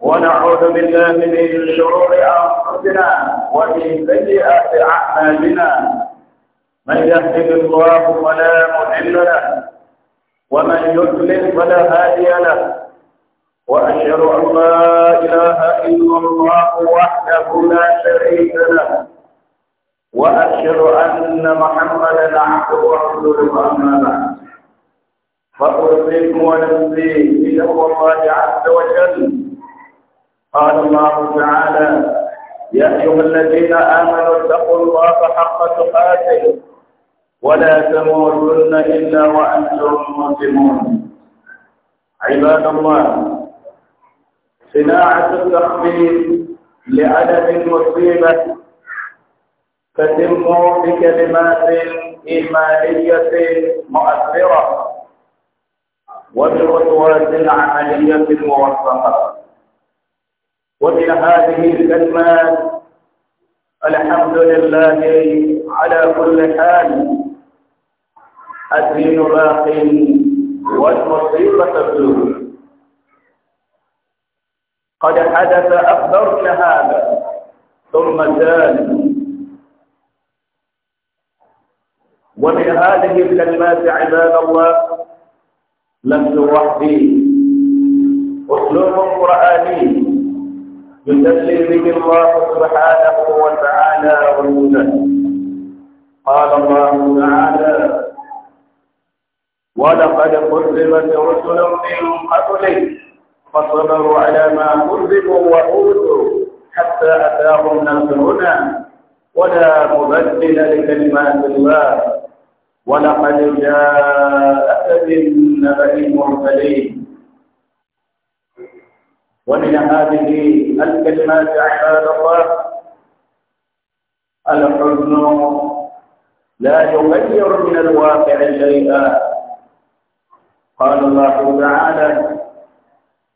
ونعوذ بالله من شرور أنفسنا ومن سيئات أعمالنا من يهده الله فلا مضل له ومن يضلل فلا هادي له وأشهد أن لا إله إلا الله وحده لا شريك له وأشهد أن محمدا عبده ورسوله أما بعد فأرسلكم ونفسي يوم الله عز وجل قال الله تعالى يا أيها الذين آمنوا اتقوا الله حق تقاته ولا تموتن إلا وأنتم مسلمون عباد الله صناعة التخفيف لعدم المصيبة تتم بكلمات إيمانية مؤثرة وبخطوات العملية الموفقة ومن هذه الكلمات الحمد لله على كل حال الدين باق والمصيبة تزول قد حدث أكثر من هذا ثم زال ومن هذه الكلمات عباد الله لفظ وحدي أسلوب قرآني يدلل به الله سبحانه وتعالى والهدى قال الله تعالى ولقد كذبت رسل من قبلك فصبروا على ما كذبوا وأوتوا حتى أتاهم نصرنا ولا مبدل لكلمات الله ولقد جاءك من نبأ المرسلين ومن هذه الكلمات عباد الله الحزن لا يغير من الواقع شيئا قال الله تعالى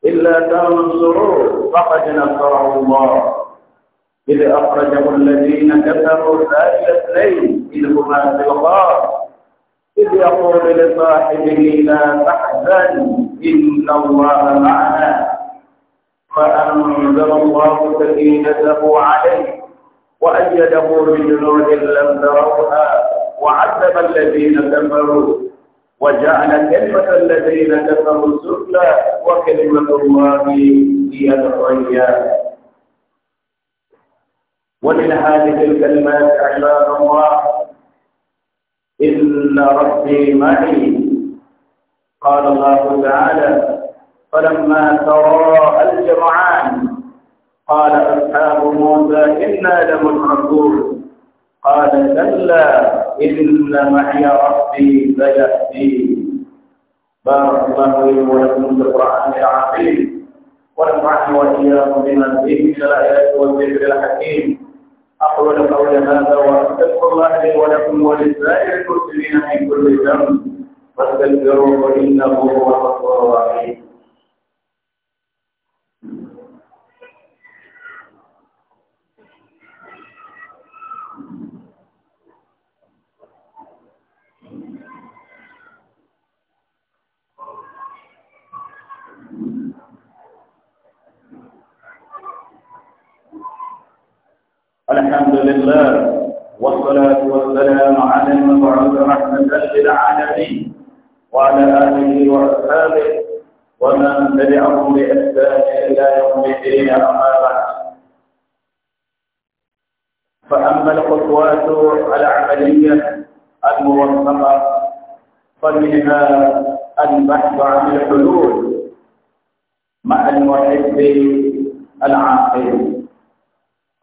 إلا تنصروا فقد نصره الله إذ أخرجه الذين كفروا ثاني اثنين إذ هما في الغار إذ يقول لصاحبه لا تحزن إن الله معنا فأنزل الله سكينته عليه وأيده بجنود لم تروها وعذب الذين كفروا وجعل كلمة الذين كفروا السفلى وكلمة الله هي العليا ومن هذه الكلمات عباد الله إن ربي معي قال الله تعالى فلما ترى الجمعان قال أصحاب موسى إنا لمدركون قال كلا إن معي ربي سيهدي بارك الله لي ولكم في القرآن العظيم ونفعني وإياكم بما فيه من الآيات والذكر الحكيم أقول قول هذا وأستغفر الله لي ولكم ولسائر المسلمين من كل ذنب فاستغفروه إنه هو الغفور الرحيم الحمد لله والصلاة والسلام على المبعوث رحمة للعالمين وعلى آله وأصحابه ومن تبعهم بإحسان إلى يوم الدين أما بعد فأما الخطوات العملية الموثقة فمنها البحث عن الحلول مع المحب العاقل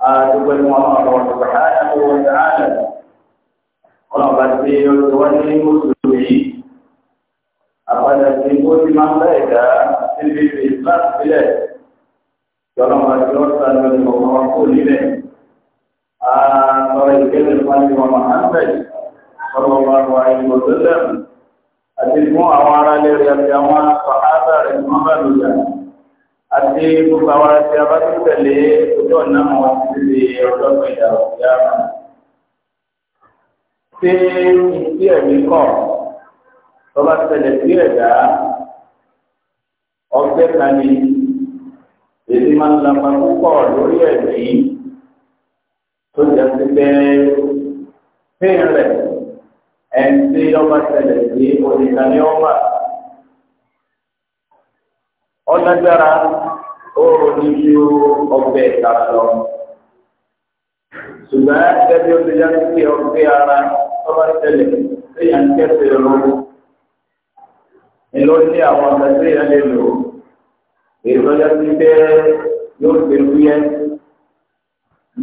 dúpẹ́ fún ọmọ ọ̀rọ̀ subhanahu wa ta'ala ọlọ́ọ̀bá tí ó ti wá ní mùsùlùmí àpàdà tí ó ti máa ń bẹ́ẹ̀ dá níbi ìsìlá sílẹ̀ yọlọ́ọ̀bá tí ó sá lórí ọmọ kó nílẹ̀ àtọ̀rọ̀ ìgbẹ́lẹ̀ fún ọmọ Muhammad sallallahu alaihi wa sallam àti fún àwọn ará lẹ́rìí àti àwọn sàhábà rẹ̀ mọ́bàlùyà àti gbogbo àwọn àti abátúntẹ̀lé ojú ọ̀nà àwọn àti ọlọ́gbọ̀n ìyá òkúta. Ṣé ìdí ẹ̀mí kọ̀ tọ́ba tẹ̀lẹ̀ sí ẹ̀dá ọgbẹ́ kan ni èyí máa ń lapa púpọ̀ lórí ẹ̀mí tó jẹ́ sí pé fíìn rẹ̀ ẹ̀ ń tí ọba tẹ̀lẹ̀ sí oníkaní ọba ọlágbára oòrùn ní ju ọbẹ̀ ìtàkùn lọ. ṣùgbọ́n ẹgbẹ́ bí ó ti yá sí ọgbẹ́ ara tọ́ba tẹ̀lé téèyàn kẹsì lọ. ìlú ní àwọn ọ̀sẹ̀ téèyàn lè lò ìtọ́jà sí pé yóò ṣe wúyẹ́.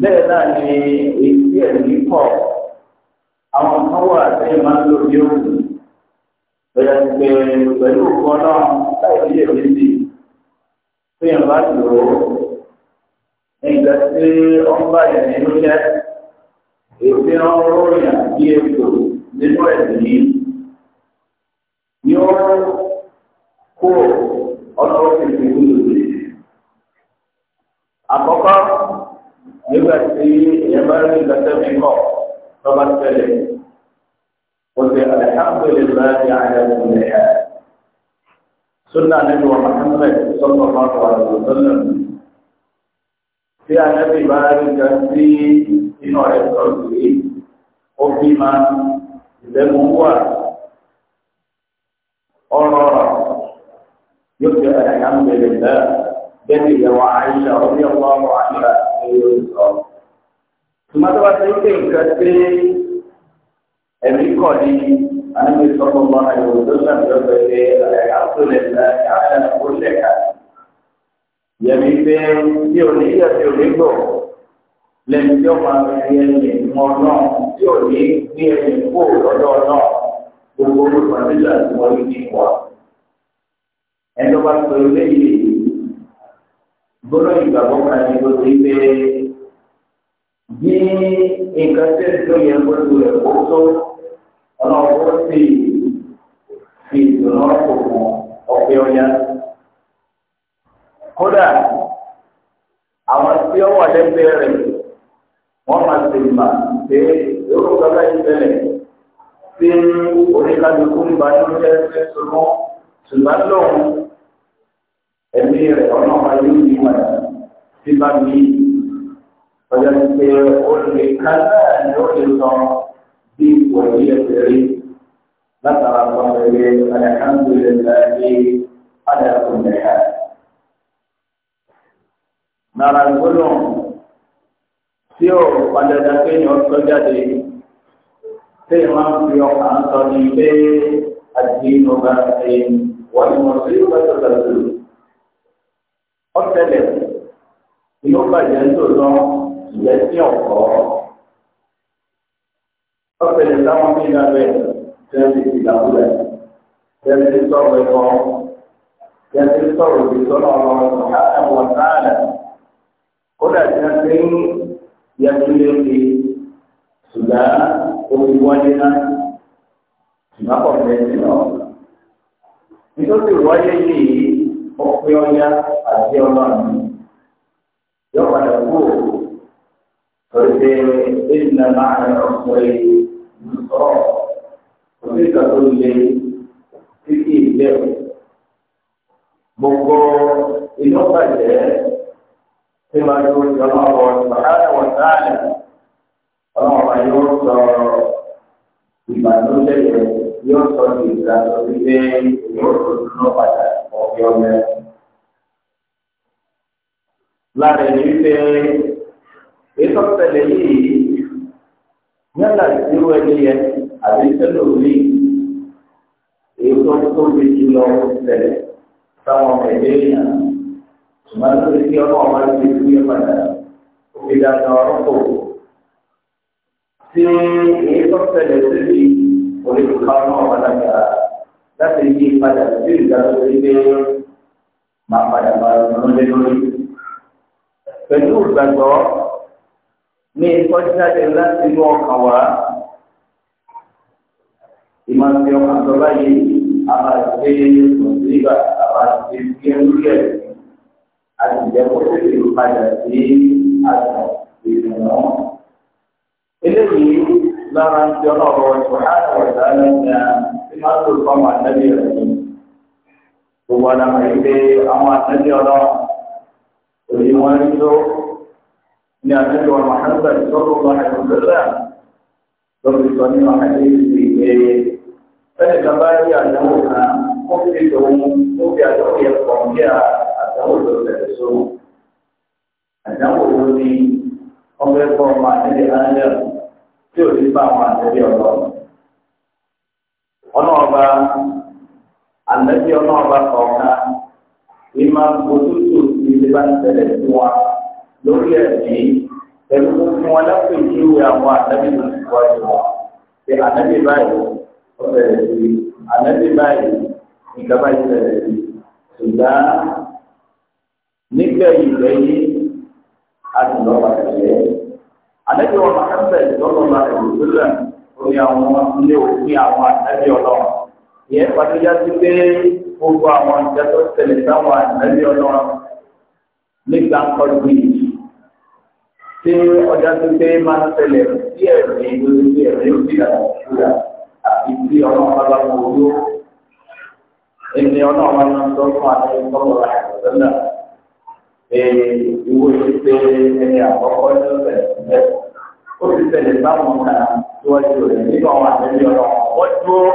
bẹ́ẹ̀ náà ni èyí ẹ̀mí pọ̀ àwọn kan wà téèyàn máa ń lò bí ó wù. lọ́jà sí náà láì sí èmi sí. èèyàn bá lò ó nígbà tí wọ́n bá yẹn nínú jẹ́ èsì wọn ròyìn bí ètò nínú ẹ̀sìn yìí ni ó kó ọ̀nà òkèèrè lòdì. Àkọ́kọ́ nígbà tí ga bá rí ìgbàsẹ́ mi kọ̀ lọ́ba tẹ̀lé. Wọ́n ti alhamdulilayi ala sunna nabi wa muhammad sallallahu alaihi wa sallam tí a nabi bá rí ga sí inú rẹ̀ sọ̀rọ̀ sí ó bí ma ìlẹ́nu wà ọ̀rọ̀ yóò fi alhamdulillah bẹ́ẹ̀ ìyàwó àìsà orí ọ̀pọ̀ àwọn àṣà ẹ̀yọ sọ. Tùmọ́tò wá sí pé nǹkan tí ẹ̀mí kọ̀ ní النبي صلى الله عليه وسلم يقول العبد لله على كل حال يبي في يولي يولي lẹ́yìn tí ó máa fi rí ẹyìn mọ́ náà tí ò ní ní ẹyìn kó lọ́dọ̀ náà gbogbo olùkọ́ nígbà tí wọ́n rí ní wa. ẹni wá ní ló ti bí nǹkan tẹ́ tó yẹ kó tó tó ọlọ́wọ́ sì fi ìdùnnú ọkùnkùn ọ̀pẹ ọ̀yá. kódà àwọn tí ó wà lẹ́gbẹ̀ẹ́ rẹ̀ wọ́n máa ti mà pé yóò gbọ́dọ̀ ìṣẹ̀lẹ̀ tí oníkàlùkù ń bá nínú ẹgbẹ́ sọmọ́ ṣùgbọ́n lóun ẹ̀mí rẹ̀ ọ̀nà ọ̀ma yóò yí sí bá mi ọjọ́ ti pé olùkà náà ni ó lè sọ. وهي تعيد نقرا قوله الحمد لله على كل حال nara gbólóhùn tí ó padàdà kéèyàn sọ jáde tí máa ń fi ọkàn sọ ní ilé àdínú bá ṣe wọ́n ní wọ́n sí pẹ́tọ́ lọ́sọ̀ ọ̀tẹ̀lẹ̀ ìlú bàjẹ́ ń tò lọ ìyẹn sí ọ̀kọ́ ọ̀sẹ̀lẹ̀ táwọn bí náà bẹ̀ tẹ́lẹ̀ ìdàkúlẹ̀ tẹ́lẹ̀ sọ̀rọ̀ ẹ̀kọ́ tẹ́lẹ̀ sọ̀rọ̀ ìsọ̀nà ọ̀rọ̀ ṣùgbọ́n wọ̀ sáàlẹ̀ kódà tí wọ́n ti ń yẹtulé ti ṣùgbọ́n omi wọlé náà ṣùgbọ́n kọ̀ fẹ́ sí lọ. nítorí wọlé yìí ọpẹ́ ọyá àti ọlọ́run yọ padà kúrò. Òṣèré ìdílé máa ń rọ̀ pé sọ òbí ìgbà tó lé títí ìbẹ̀rù gbogbo inú bàjẹ́ tí máa yóò jọ náà wọ sàkárà wọ sáàlẹ̀ ọlọ́run máa yóò sọ ìbànújẹ́ yẹn yóò sọ ní ìdájọ́ wípé yóò tó dúró padà ọ̀gbìn ọ̀gbìn. Lára ẹni wípé ètò ìṣẹ̀lẹ̀ yìí yálà ìṣirò ẹni yẹn àbí sẹ́lẹ̀ òní èyí tó tó lè ti lọ sẹ̀lẹ̀ táwọn ẹ̀dẹ́ yẹn ṣùgbọ́n tó lè fi ọmọ ọmọ ti fi yẹn padà òfin dàgbà ọ̀rọ̀ kò tí èyí tó sẹ̀lẹ̀ síbi òní tó ká ọmọ ọmọ dàgbà láti yí padà sí ìdájọ́ ilé máa padà máa lọ́lé lórí pẹ̀lú ìgbàgbọ́ ní ìkọjáde láti inú ọkàn wá ìmọ̀sí ọkàn tó báyìí àbájáde mùsùlùmí àbájáde gẹ́gẹ́ àtijọ́ tẹ̀lé padà sí àtọ̀ ìrìnà. eléyìí lára ń jọ náà lọ ṣùgbọ́n àtọ̀dá lẹ́yìn tí máa tó fọmọ àtẹ́bí rẹ̀ ní. gbogbo àdàmọ̀ yìí pé àwọn àtẹ́bí ọlọ́run òní ń tó ní àjọyọ̀ Muhammad sallallahu alaihi wasallam lọ́pọ̀ ìsọ nínú àkàdé ìlú ìgbé ẹni kan bá rí àdánwò kan ó fi lè lòun ó fi àdánwò yẹn pọ̀ kí àdánwò lọ bẹ̀rẹ̀ só àdánwò wo ni ọbẹ̀ bọ́ ọmọ àtẹ̀lé ayé tí ò ní bá àwọn àtẹ̀lé ọ̀dọ́ ọ̀nà ọba àlẹ́bí ọ̀nà ọba kọ̀ọ̀kan lórí ẹ̀mí pẹ̀lú fún wọn lápò ìdíwé àwọn ànábì tó ti wáyé wa pé ànábì báyìí ó bẹ̀rẹ̀ sí ànábì báyìí nǹkan báyìí bẹ̀rẹ̀ sí ṣùgbọ́n nígbẹ̀yìn lẹ́yìn àtìlọ́wọ́ àtìlẹ́ ànábì wọn máa ń bẹ̀rẹ̀ lọ́wọ́ àti òṣèlú orí àwọn ilé òfin àwọn ànábì ọlọ́run ìyẹn pàtẹ́jà sí pé gbogbo àwọn ìjà tó tẹ̀lé sáwọn ànábì ọlọ́run nígbà kọ́ọ̀dù ṣé ọjà tó ṣe máa ń ṣẹlẹ̀ sí ẹ̀rí lórí sí ẹ̀rí òbí àtúnṣúra àti tí ọlọ́run bá bá wọ ojú ẹni ọlọ́run bá máa ń sọ fún àti ìtọ́wọ̀ àìsàn ìwé ìṣe ẹni àkọ́kọ́ ní ọ̀sẹ̀ ìṣẹ́ ó ti ṣẹlẹ̀ báwọn kan tí wọ́n ti rẹ̀ nínú àwọn àtẹ́lẹ́ ọlọ́run wọ́n dúró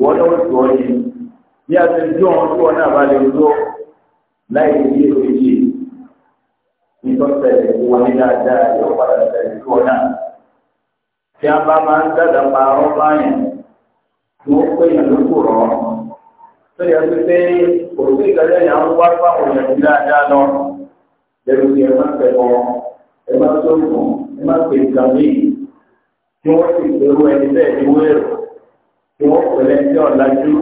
wọ́n lọ́wọ́ tó ọ yìí bí a ti dúró wọn tí wọ́n náà bá lè dúró láì sí ìtọ́sẹ̀ ìwọ ní dáadáa yóò padà tẹ̀lé sí ọ̀nà. Tí a bá máa ń dàgbà pa ọ́ báyìí, tí wọ́n pè yàn ló kù rọ̀. Tó yẹ kí pé kò sí ìdájọ́ yẹn ń wá fáwọn èèyàn ní dáadáa lọ. Lẹ́nu tí ẹ máa tẹ̀ bọ̀, ẹ máa tó mọ̀, ẹ máa pè ìgbà míì. Tí wọ́n sì pẹ̀lú ẹni bẹ́ẹ̀ ní wéèrò. Tí wọ́n pẹ̀lẹ́ ní ọ̀làjú.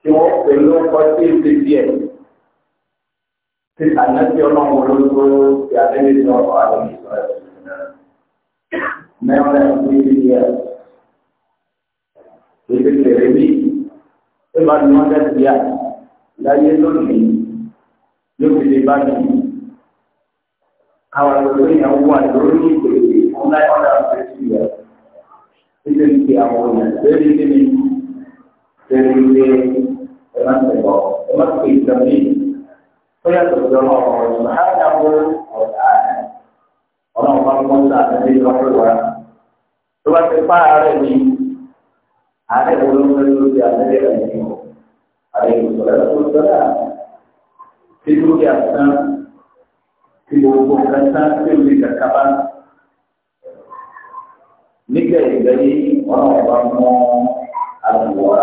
Tí wọ́n pẹ̀lú ọkọ̀ sí ìdíje tí ànábì ọlọ́run olóko ti àdébí ní ọ̀rọ̀ àwọn ìṣòro mẹ́rin memang ilé ẹ̀ ìdí kèrè bí tí bá ní wọ́n tẹ̀sí à láyé lónìí yóò fi lè bá mi àwọn olóyè orang wà lórí ìpèsè fún náírà ọ̀dà àti ìyá títí ń pe àwọn èèyàn lórí kíni lórí ilé ẹ̀ bóyá tòkòtò náà ọ̀rọ̀ ìgbà á dàbò ọ̀dà ọlọ́run bá mọ́ sí àtẹ́lẹ́ ìlọ́pẹ́ wa tó bá ti pa ààrẹ mi ààrẹ wo ló ń fẹ́ lórí àtẹ́lẹ́ rẹ̀ ní o ààrẹ ìgbòsọ̀rọ̀ ẹ̀ tó sọ́dà tí lórí àtàn tí gbogbo kẹta tí lórí kàkà bá nígbà ìgbà yìí ọlọ́run bá mọ́ àbùwá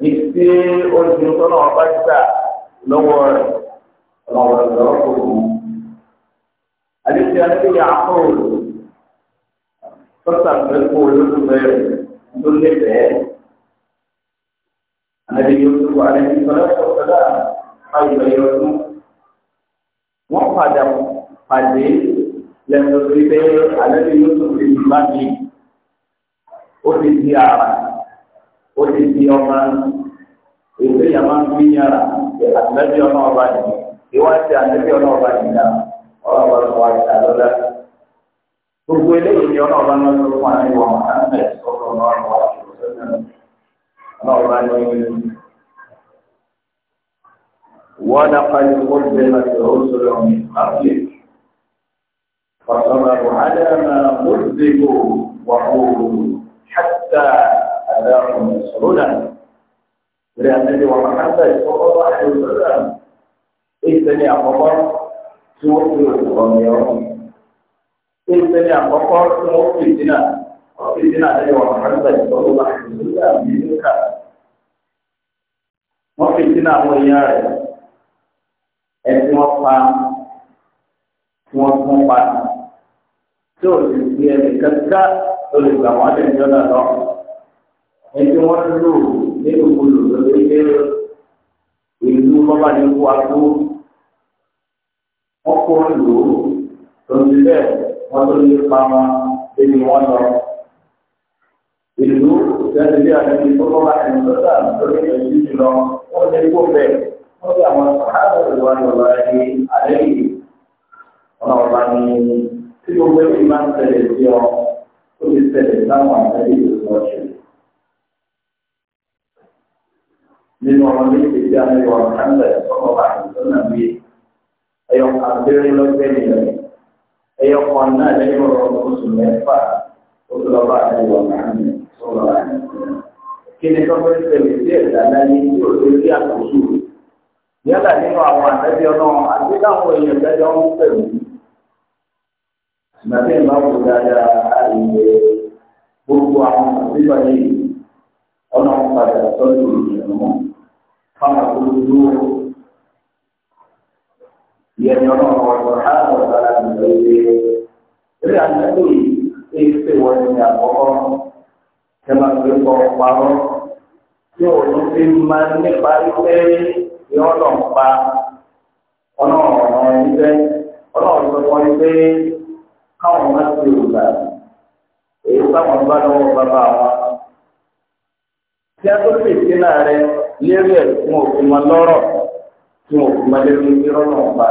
ní tí ó dùn lọ́wọ́ ọ̀rọ̀ lọ́wọ́ kò wù. Àdéhùn àti àpò sọ́tà fẹ́ kó olóṣù bẹ́ẹ̀ ló lé bẹ́ẹ̀. Àdé yóò tó wà ní ìsọ̀rọ̀ sọ̀tà àyùbẹ̀ yóò tún. Wọ́n padà pàdé lẹ́nu rí bẹ́ẹ̀ àdéhùn yóò tó fi bá Ó ti di àrà, ó ti di ọmọ, èso ìyàmá ń fi yàrá. àtìlẹ́bí ọ̀nà ọba yìí ìwádìí àtìlẹ́bí ọ̀nà ọba yìí náà ọlọ́wọ́ ló wá sí àlọ́lá. gbogbo eléyìí ni ọlọ́wọ́ náà ló fún àwọn ìwà ọ̀hánẹ̀ ọ̀rọ̀ ọ̀rọ̀ ọ̀rọ̀ ọ̀rọ̀ ولقد قدمت الرسل من قبلك فصبروا على ما كذبوا وقولوا حتى أتاهم نصرنا لأن النبي محمد صلى الله عليه وسلم ìsẹ̀lẹ̀ àkọ́kọ́ tí wọ́n fi òkùnkọ̀ ní ọ̀rọ̀. ìsẹ̀lẹ̀ àkọ́kọ́ tí wọ́n fi dínà ọ̀fi dínà lẹ́yìn wọn àrùbẹ̀ ìtọ́jú bá ìdílé àbí níkà. wọ́n fi dínà àwọn èèyàn rẹ̀ ẹni wọ́n pa tí wọ́n tún pa tí nínú olùdó tó ṣe ìlú bọ́bá ní kó agbó wọ́n kó lò ó tó ti bẹ́ẹ̀ wọ́n tó lè pa wọn débi wọ́n lọ. ìlú ìṣẹ́jú bí àwọn ẹni tó bọ́bá ẹni tó dà lórí ẹ̀jú jùlọ wọ́n lè kó bẹ́ẹ̀ wọ́n bí àwọn sàárà ìwà lọ́la ẹni alẹ́ yìí wọ́n náà bá ní tí gbogbo ẹbí máa ń tẹ̀lé sí ọ ó ti tẹ̀lé sáwọn àtẹ́lẹ́ ìlú ọ̀ṣun. nínú ọmọ méjì tí a ní wọn kánlẹ̀ ọmọ bá àìsàn náà bí ẹyọ abẹ́rẹ́ lọ́gbẹ́ nìyẹn ẹyọ kan náà lẹ́yìn ọ̀rọ̀ oṣù mẹ́fà oṣù lọ́ba àti wọn kánlẹ̀ sọ̀rọ̀ àìsàn. kí ni tọ́pẹ́ tẹ̀lé sí ẹ̀dá náà ní tí ò lè rí àkóso yálà nínú àwọn àtẹ́bí ọlọ́run àti káwọn èèyàn tẹ́jọ́ ń pẹ̀lú. ìgbà ìbáwò dáadáa àìyẹ gbogbo àwọn àbíbáyé ọlọ́run padà sọ́dọ̀ ìrìnnà fáwọn olùdó yẹn ọlọ́run ọ̀sán àwọn ọ̀sára nìyẹn ṣe eré àtúntò yìí ṣe é pè wọ́n ní àkọ́kọ́ ṣe máa fi kọ́ parọ́ tí òun fi máa nípa pé yọ lọ pa ọlọ́run ọ̀ràn ẹgbẹ́ ọlọ́run sọ fún ẹgbẹ́ káwọn má ti rò gbà èyí táwọn bá lọ́wọ́ bàbá wọn. tí a tó fi ìsínà rẹ lérí ẹ̀ tí wọn fi lọ́rọ̀ tí lérí irọ́ náà pa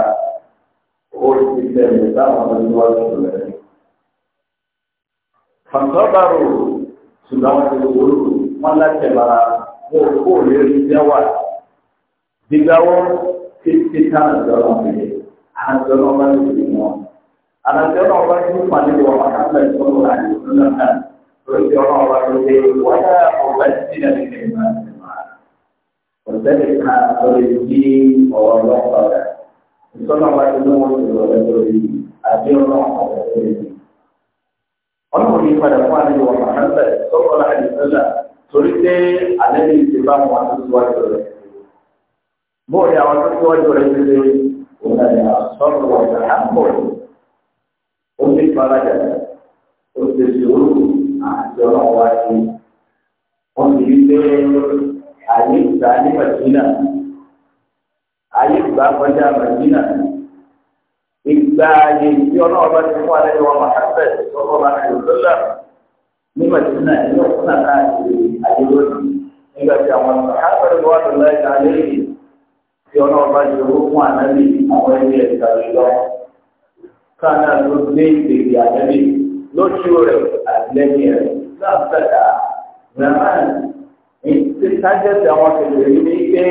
ó ti tẹ̀lé táwọn olùwájú rẹ̀. Fàtọ́bàrò ṣùgbọ́n wọn ti wọn láti bára wọn kó lérí jẹ́wà. títí táwọn ìjọba ń wọn. lórí ọlọ́run wa ló dé wáyà ọ̀gá ti nà nílẹ̀ máa ti máa. Ọ̀sẹ̀lẹ̀ kan lórí bí ọ̀rọ̀ ọlọ́pàá rẹ̀. Ìsọ́nà wa ló wọ́n ti lọ́wọ́ lórí àbí ọlọ́run ọ̀rọ̀ lórí. Ọlọ́run yìí padà fún àlejò wọn máa ń bẹ̀ sọ́kọ́ láti sọ́là torí pé alẹ́ ní ti bá wọn tó síwájú rẹ̀. Bóòlù àwọn tó síwájú rẹ̀ ti lé òun àyà sọ́kọ̀ wọn àpò. Ó ti farajà, ó ti àti ọlọ́run wá sí. Wọ́n ti rí pé àyè ìgbà ní Màdínà, àyè ìgbà kọjá Màdínà. Ìgbà àyè tí ọlọ́run bá ti fún alẹ́ wọn máa fẹ́ sọ́kọ́ bá ti lọ́lá. Ní Màdínà, ẹni ọ̀sán náà káàkiri àyè lónìí. Nígbà tí àwọn àbẹ̀rẹ̀ wọn lọ láì ká lẹ́yìn tí ọlọ́run ti owó fún ànábì àwọn ẹgbẹ́ ìgbàlódé lọ. Káàná ló dé ìgbèkè ànábì lójú rẹ̀ lẹ́yìn rẹ̀ náà fẹ́ta rahman ti sájẹ́sì àwọn kẹlẹ̀ rí ní pé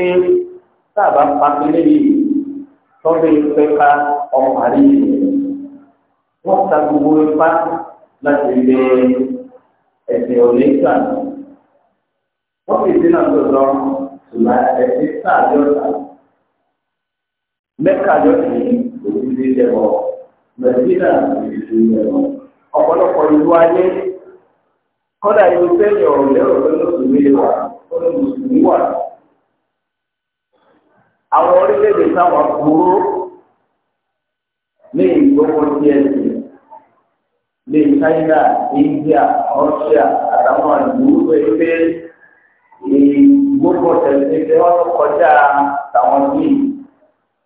sábà pàtó níbi tọ́lé pẹ́ka ọ̀parí wọ́n ta gbogbo ipá láti lé ẹ̀sìn onígbà wọ́n fi sí náà lọ́dọ̀ ṣùgbọ́n ẹ̀sìn sáà yọ̀ọ̀ta mẹ́ka yọ̀ọ̀ta yìí kò sí lé mẹ́sìnà kò sí lé lẹ́wọ̀ ọ̀pọ̀lọpọ̀ ìlú ayé kọ́dà yóò tẹ́lẹ̀ ọ̀rọ̀ lẹ́rọ̀ pé mùsùlùmí wà ó ní mùsùlùmí wà. àwọn orílẹ̀-èdè táwọn burú ní ìgbókò díẹ̀ sí ní China, India, Russia àtàwọn ìlú pépé ìgbókò tẹ̀lé pé wọ́n kọjá táwọn yìí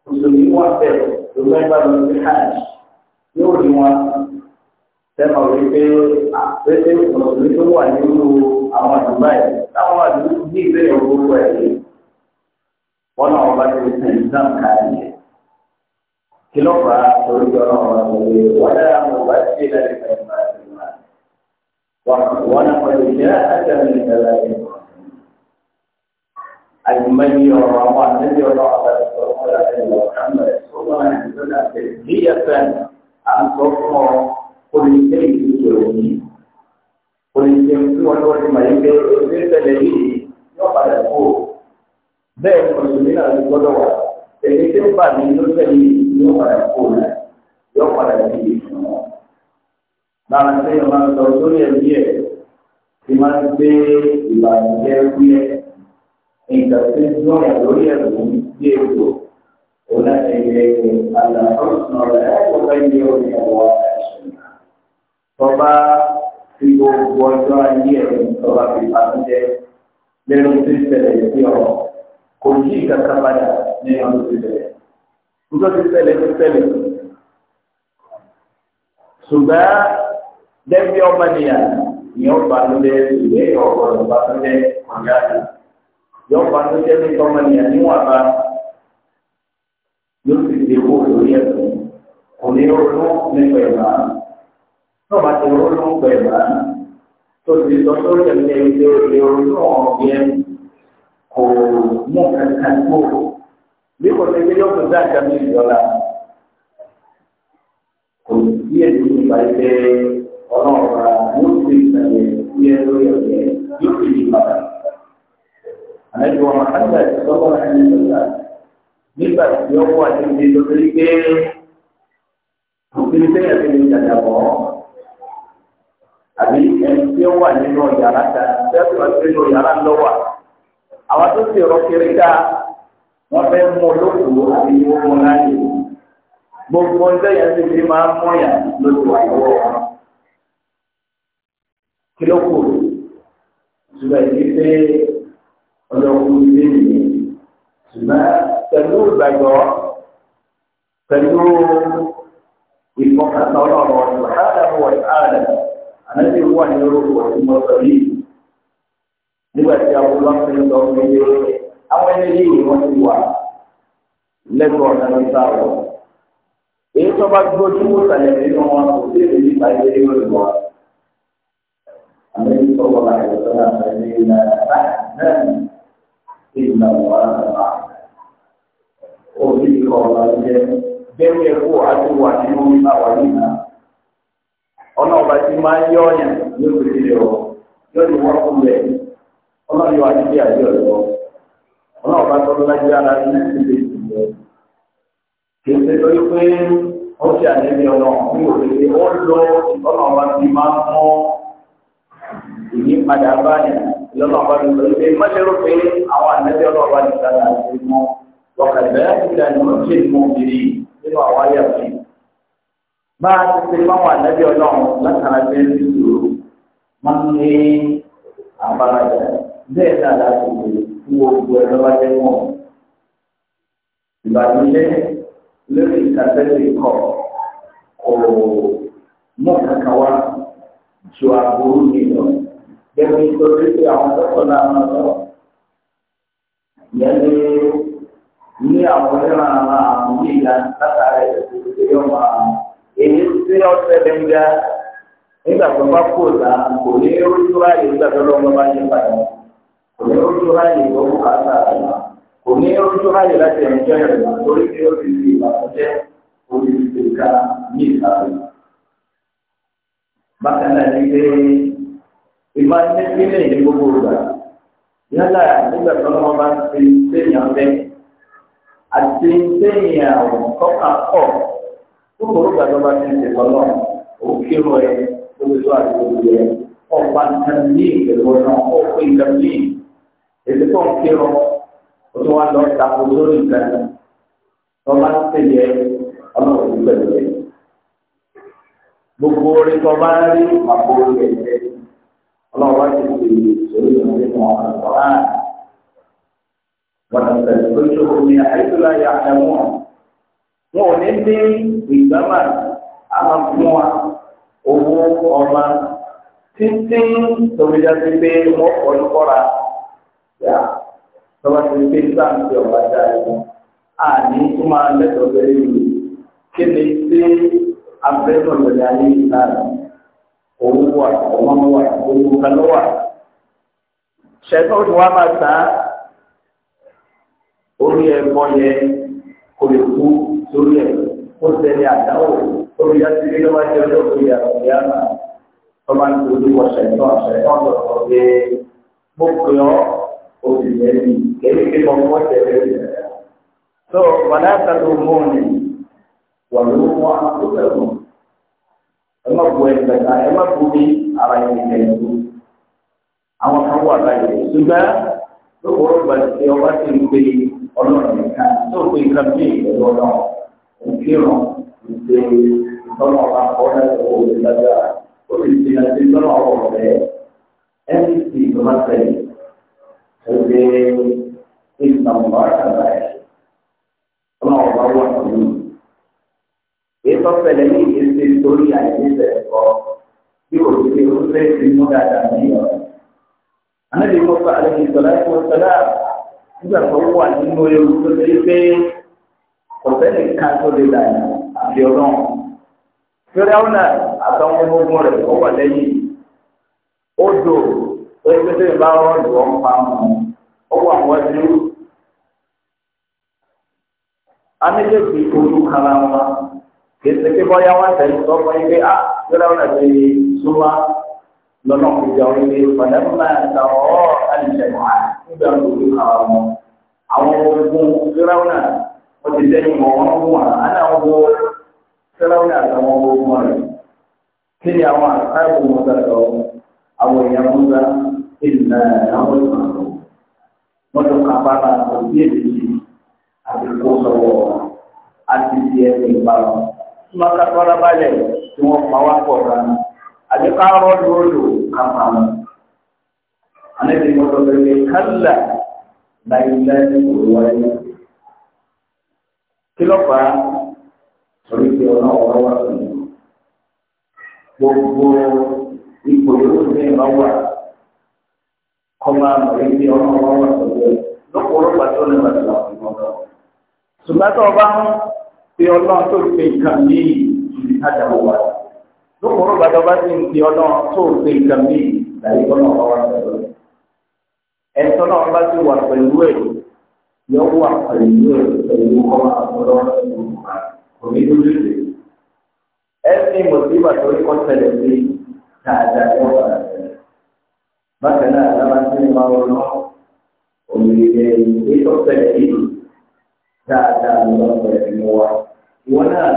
mùsùlùmí wà bẹ̀rẹ̀ ló fẹ́ gbàgbọ́ sí hajj yóò rí wọn sẹ́mọ̀ wípé àpẹẹrẹ mùsùlùmí tó wà nínú àwọn àdúgbò ẹ̀ táwọn àdúgbò ní ìbéèrè orúkọ ẹ̀ lé wọn náà bá ti sìn islam káàdì ẹ̀ kí ló fà á torí ọ̀nà wọn lè wọ́n dára mọ̀ bá ti ṣe láti fẹ́ ìmọ̀ àti ìmọ̀ wọn náà pẹ̀lú ìṣẹ́ àti àmì ìdàlá ẹ̀ àyùmáyé ọ̀rọ̀ àwọn àtẹ́jọ́ ọ̀rọ̀ àtàkùn ọ̀rọ̀ àtẹ́jọ́ ọ̀rọ̀ àmọ̀ ẹ̀ kò lè jẹ́ ìlú ni, yìí kò lè jẹ́ kí wọ́n lọ́wọ́ ní gbé ẹgbẹ́ tẹ̀lé yìí yóò padà kú o ni mùsùlùmí náà ti gbọ́dọ̀ wà èyí tí ó bà ní ló tẹ̀lé yìí yóò padà kú o yóò padà sí ìṣòro lára tí wọ́n máa ń lọ sórí ẹ̀mí ẹ̀ ti máa ń gbé ìbànújẹ́ wúyẹ́ nǹkan tí ń dún ọ̀rọ̀ lórí ẹ̀rù bí ètò òun náà ẹ̀yẹ àlàfo ọ̀rọ̀ ẹ̀ kò fẹ́ tọ́ba tí gbogbo ọjọ́ ayé ẹ̀rọ tọ́ba fi pàtúndẹ́ lẹ́nu tó ṣẹlẹ̀ sí ọ kò yí ìkàkà padà ní ọdún tó ṣẹlẹ̀ nítorí tó ṣẹlẹ̀ tó ṣẹlẹ̀ ṣùgbọ́n lẹ́bí ọmọ nìyàn ni ó bá ló lé ìwé ọ̀gbọ̀n bá tó lé ọ̀gá rẹ̀ yóò bá ní ọmọ nìyàn níwọ̀n bá yóò sì ṣe owó lórí ẹ̀sìn kò ní ronú nípa ìmọ̀ náà bá ti rọ́ ló ń gbẹ̀ bá tó ti sọ tó tẹ̀lé ilé èrò náà yẹn kò mú kankan kó bí kò tẹ̀lé yóò fún sáà kan ní ìjọba kò sí èdè nípa ilé ọlọ́ọ̀ra yóò fi ìsàlẹ̀ sí ẹ lórí ọ̀gẹ́ yóò fi ìgbà. Àlejò ọmọ àgbà ìsọ́kọ̀ ẹni lọ́la nígbà tí ó wà ní ìdílé lórí pé òfin tẹ́yà fi ní ìjàdàbọ̀ àbí ẹni tí ó wà nínú yàrá ta tẹ́tù ọtí nínú yàrá ń lọ́wọ́ àwọn tó ti rọ kiri ká wọ́n fẹ́ mú olóògùn àbí wọ́n mú láàyè gbogbo ọjọ́ yẹn ti fi máa ń mú yàn lójú àìwọ́ kí ló kù ṣùgbọ́n ìdí pé ọlọ́kùn ilé nìyí ṣùgbọ́n pẹ̀lú ìgbàgbọ́ pẹ̀lú ìfọkàntà ọlọ́run ọ̀sán láti àwọn ọ̀sán àdàbọ̀ ànábì wà ní orúkọ tí mo sọ yìí nígbà tí abúlé ń sọ pé àwọn ẹni yìí wọ́n ti wà lẹ́gbọ̀n náà sá wọ. èyí tó bá dúró tí mo sàlẹ̀ nínú wọn kò sí èdè nípa ilé yóò lè wá. ànábì sọ wọn láti sọ náà pẹ̀lú ìlà náà ìlà wọn àgbà. òbí kọ̀ jẹ bẹ́ẹ̀ kó àti wà nínú ìlà wà nínú ọlọ́ọ̀bá ti máa ń yọ ọ̀yàn ní òkèèrè rẹ̀ ọ́ lórí wọn kú rẹ̀ ọlọ́ọ̀yọ̀ àdídé àdé ọ̀dọ́ ọlọ́ọ̀bá tó lájú ara ní ìdílé ìdílé kèsè lórí pé ó ti àdébí ọ̀nà ní òkèèrè ó lọ ọlọ́ọ̀bá ti máa ń mọ́ ìyípadà báyìí lọ́lọ́ọ̀bá ti sọ pé mọ́lẹ́rọ̀ pé àwọn àdébí ọlọ́ọ̀bá ti sàlàyé mọ́ wọ̀kàlẹ́ ìdánimọ̀ bá a ti ṣe fáwọn ànábì ọlọ́run látara bẹ́ẹ̀ ti dúró máa ń ní àbáradà bẹ́ẹ̀ náà láti lè fún gbogbo ẹ lọ́wọ́ jẹ́ mọ́ ìbànújẹ́ lórí ìtàsẹ́lẹ̀ ikọ̀ kò mú kankan wá ju àbúrú mi lọ bẹ́ẹ̀ ni torí pé àwọn tọ́kọ̀ náà máa lọ ìyẹn ní ní àwọn onímọ̀ àwọn àmì ìlànà látara ẹ̀ tó ti èyí tí ọ̀sẹ̀ lẹ́yìnká nígbà tó bá kó la kò ní ojú ráàyè nígbà tó lọ́wọ́ bá yẹ padà kò ní ojú ráàyè tó kó ká sá àná kò ní ojú ráàyè láti ẹ̀jọ́ rẹ̀ lórí tí ó ti fi ìbànújẹ́ orí ti ká ní ìsàlẹ̀. bákan náà ni pé ìmọ̀ ní sílẹ̀ ní gbogbo ìgbà yálà nígbà tó lọ́wọ́ bá ti sẹ́yìn abẹ́ àti sẹ́yìn àwọn kọ́kà kọ́ kúrò gbàdọ́gba ti ń ṣe tọ́lọ́ òkè rọ ẹ lóṣù àti lóṣù ẹ ọ̀pá nǹkan ní ìgbẹ̀rọ náà ọ̀pọ̀ nǹkan ní èdè tó ń ké rọ o tó wá lọ tako sórí nǹkan náà tọ́ba ń tẹ̀lé ẹ ọlọ́run ń pẹ̀lú ẹ gbogbo orin tọ́ba ń rí àpò orin ẹ̀jẹ̀ ọlọ́run wá ti fi sórí ìrìn nínú ọ̀rọ̀ náà wọ́n ti tẹ̀lé lóṣù omi àìsíláyà àtẹ̀wọ̀n wọn ò ní dé ìgbàmà àwọn fún wa owó ọmọ títí tòmídàsí pé wọn kọ ní kọra yá lọ́wọ́ sí pé sáǹtì ọ̀gá dá ẹ̀kọ́ àní tó máa lẹ́tọ̀ọ́ bẹ́ẹ̀ yìí kéde sí abẹ́rẹ́ ọ̀lọ́dẹ ayé ìlànà owó wà ọmọ wà owó kaná wà ṣẹ́gbọ́n tí wọ́n máa ta orí ẹ̀kọ́ yẹn kò lè kú lórí ẹ̀ ó tẹ̀lé àdáwò orí yá sí ilé wá jẹ́ ọjọ́ òkúri àkùnrin àná tó máa ń tó ojú ọ̀sẹ̀ tó ọ̀sẹ̀ tó ń mo pè ọ́ òsì lẹ́yìn kẹ́lí pé mo mọ́ tẹ̀lé rẹ̀. tó wàlá àtàkùn mọ́ ni wà ló mú àkókò ẹ̀kọ́ ẹ má bu ẹgbẹ̀ta ẹ má bu ní ara ìrìnlẹ̀ ìlú àwọn kan wà láyé ṣùgbọ́n lóòrò gbàdúrà ọba ti ń pe ọlọ́run nìkan tó pe nǹkan bí ìgbẹ́ lọ́wọ́ ìkírun ìṣe ìtọ́nà ọba ọ̀rẹ́ owó ìdájọ́ olùsí àti ìtọ́nà ọba ọ̀rẹ́ ndc tó bá tẹ̀lé ẹgbẹ́ ìtàmùbá àtàlà ẹ̀ tọ́nà ọba wà nínú. ètò ọ̀fẹ́lẹ̀ ní ìgbésẹ̀ torí àìsíṣẹ́ ẹ̀kọ́ bí kò sí pé ó fẹ́ ti mú dáadáa ní àná lè mọ́ fún àlejò ìtọ́lá ìfọ̀sọ́lá nígbà tó wà nínú ewu tó ti pé ọ̀fẹ́ nìkan tó lè dà yìí àti ọlọ́run fẹ́rẹ́ àwọn àtàwọn ọmọ ogun rẹ̀ ó wà lẹ́yìn ó dò ó yẹ pé bá wọn lù ọ́ ń pa mọ́ ọ wà wọ́n ti rú. amédèjì olú kara wa kì í ṣe pé bọ́yá wọn tẹ̀lé sọ fún yín pé ah fẹ́rẹ́ àwọn àti súnmọ́ lọ́nà ìjà orí pé pàdánù náà ta ọ́ àlùfẹ́ wọn nígbà tó kara wọn àwọn ogun fẹ́rẹ́ àwọn àti wọ́n ti lẹ́yìn wọn wọ́n mú wa àná wọn wo sẹ́láwìn àtàwọn ọmọ ogun rẹ̀ kí ni àwọn àtàwọn ọmọ ọ̀sán sọ àwọn èèyàn mọ́ta ìlànà àwọn ìmọ̀ àlọ́ wọ́n tó ká bára òbí èdè àti kó sọ̀wọ́ àti ti ẹni ìbára tí wọ́n ká tọ́ra balẹ̀ tí wọ́n pa wá pọ̀ ra àti ká rọ́ọ̀dù ká pa wọn. àlejò ìmọ̀tọ̀ bẹ̀rẹ̀ kálà láìláì òwúrọ̀ yìí kí ló fà á torí pé ọ̀nà ọ̀rọ̀ wà fún mi gbogbo ipò yòówù ní ìmọ̀ wà kọ́ máa mọ̀ ní pé ọ̀nà ọ̀rọ̀ wà fún mi lọ́pọ̀lọpọ̀ tó lè wà sí àwọn ọmọ náà ṣùgbọ́n tó o bá ń pe ọlọ́run tó pe nǹkan ní ìdí àdàbò wà lọ́pọ̀lọpọ̀ tó bá ti ń pe ọlọ́run tó pe nǹkan ní ìdí àdàbò wà ẹ̀ńtọ́ náà bá ti wà pẹ̀lú ẹ̀rù yóò wà pẹ̀lú pẹ̀lú ọmọ àtọ́lọ́ omi lójú rẹ̀. ẹ̀sìn mùsùlùmí tó ní kọ́sẹ̀lẹ̀ sí dáadáa yóò wà lẹ́yìn. bákan náà lára tí mo máa ń lọ omi rẹ̀ ní kọ́sẹ̀lẹ̀ yìí dáadáa ló ń bẹ̀rẹ̀ mọ́ wa. ìwọ náà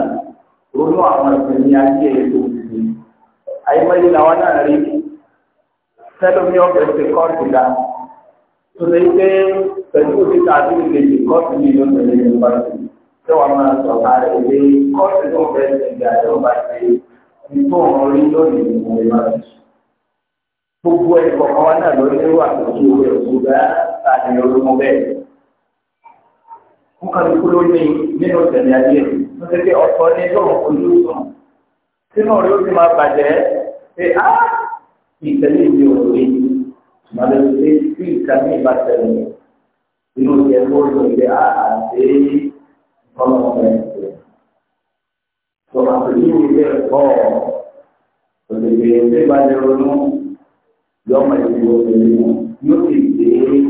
ronú àwọn ìpínlẹ̀ ayé ẹ̀ tó ti di. àyẹ̀wò yìí làwọn náà rí sẹ́lómi ọ̀fẹ́ ti kọ́ọ̀tù dáa tó lè pé pẹ̀lú òfin tàbí ìlejì kọ́ọ̀tù ní ìlú tẹ̀lé ní ìgbà tó ṣé wàá máa sọ ààrẹ ìwé kọ́ọ̀tù tó fẹ́ ṣẹ̀dá ẹ̀rọ bá ṣe ìtò ọ̀rọ̀ rí lónìí ní ìwé máa ṣe. gbogbo ẹ̀ kọ̀ọ̀kan wa náà lórí wà lójú owó ẹ̀kú bá àti olómọ bẹ́ẹ̀. wọ́n kàn ní kúló ní nínú tẹ̀lé ayé tó ṣe pé ọ̀tọ̀ ní lóhùn ojú sùn sínú ọ̀rẹ́ ó ti máa bàjẹ́ pé á ìtẹ̀lé ìdí òòrùn màdé pé tí nǹkan ní ìbátẹ̀lẹ̀ inú tiẹ̀ ló ń lò pé àti ọlọ́pàá ẹ̀ sọ̀rọ̀ àpèjì mi bẹ́ẹ̀ kọ́ òṣèlè tí bá lè ronú yọmọ ìdìbò òṣèlè mọ̀ yóò sì gbé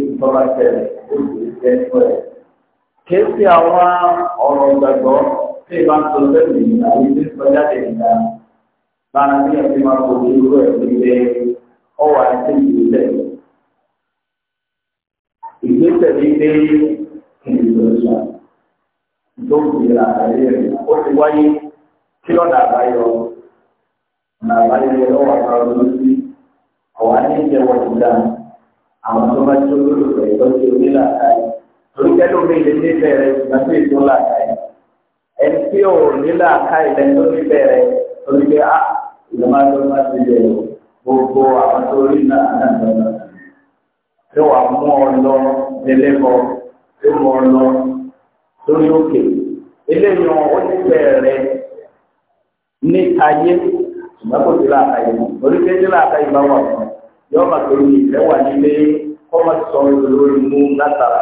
ìbátẹ̀lẹ̀ ó sì jẹ́ pẹ́ kéésì àwọn ọ̀rọ̀ gbàgbọ́ tí ìbá ń sọ sẹ́yìn nígbà tí ń sọ jáde nígbà bá a ní ẹ̀sìn máa kò ní irú ẹ̀ nígbà ọwọ́ àti ìgbésẹ̀ ìgbésẹ̀ ní pé ìgbésẹ̀ ìṣà tó gbèrà àyè rẹ̀ ó ti wáyé kí lọ́nà àbáyọ ọ̀nà àbáyọ lọ́wọ́ àwọn olóṣì ọ̀wá ní ìjẹwọ̀ ìdá àwọn tó bá tó lólùfẹ́ ìtọ́jú onílà káyì torí kẹ́lẹ́ omi ìdè ní bẹ̀rẹ̀ ìgbàgbé ìtò ńlá káyì ẹni tí ò nílà káyì lẹ́nu tó ní bẹ̀rẹ̀ torí pé a ah, ìjọba tó bá ti bẹ̀rẹ̀ gbogbo àwọn tó rí náà náà náà yóò wá mú ọ lọ lẹ́lẹ́kọ yóò ọ lọ lórí òkè eléyìí wọn ó ti bẹ̀rẹ̀ ní ayé ṣùgbọ́n kò sí láàkàyè oríṣiríṣi tí láàkàyè bá wà fún yóò tó ní nílé sọ lórí mú látara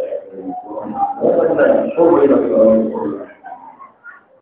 Thank you.